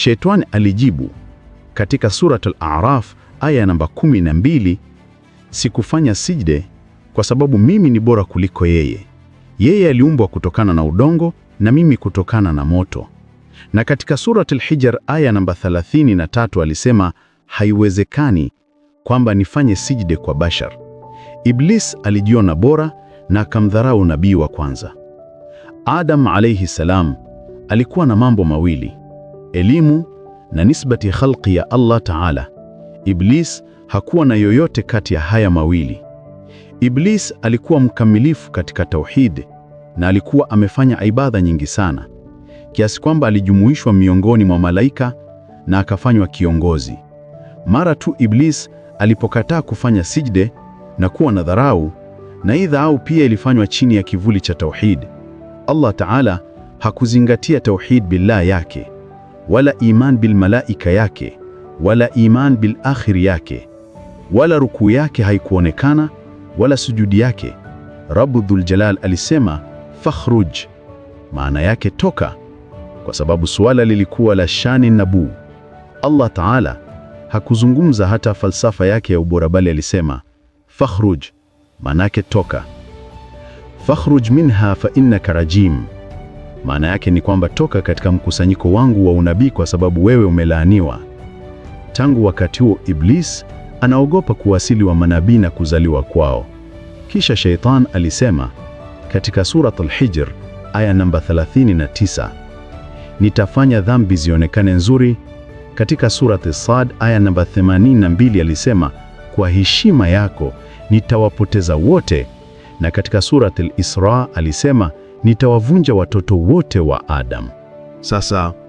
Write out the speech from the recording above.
Shetani alijibu katika Surat Al-Araf aya namba 12, sikufanya sijde kwa sababu mimi ni bora kuliko yeye. Yeye aliumbwa kutokana na udongo na mimi kutokana na moto. Na katika Surat Al-Hijr aya namba 33 alisema haiwezekani kwamba nifanye sijde kwa bashar. Iblis alijiona bora na akamdharau nabii wa kwanza Adam alayhi salam. Alikuwa na mambo mawili: elimu na nisbati khalqi ya Allah Taala. Iblis hakuwa na yoyote kati ya haya mawili. Iblis alikuwa mkamilifu katika tauhid na alikuwa amefanya ibada nyingi sana kiasi kwamba alijumuishwa miongoni mwa malaika na akafanywa kiongozi. Mara tu Iblis alipokataa kufanya sijde na kuwa na dharau, na hii dharau pia ilifanywa chini ya kivuli cha tauhid. Allah Taala hakuzingatia tauhid billah yake wala iman bil malaika yake wala iman bil akhiri yake wala rukuu yake haikuonekana wala sujudi yake. Rabbu Dhul Jalal alisema fakhruj, maana yake toka, kwa sababu suala lilikuwa la shani nabu. Allah Taala hakuzungumza hata falsafa yake ya ubora, bali alisema fakhruj, maana yake toka. Fakhruj minha fa innaka rajim maana yake ni kwamba toka katika mkusanyiko wangu wa unabii, kwa sababu wewe umelaaniwa. Tangu wakati huo Iblis anaogopa kuwasili wa manabii na kuzaliwa kwao. Kisha Shaitan alisema katika Surat Al-Hijr aya namba 39, nitafanya dhambi zionekane nzuri. Katika Surat Sad aya namba 82 alisema kwa heshima yako nitawapoteza wote, na katika Surat Al-Isra alisema nitawavunja watoto wote wa Adamu. Sasa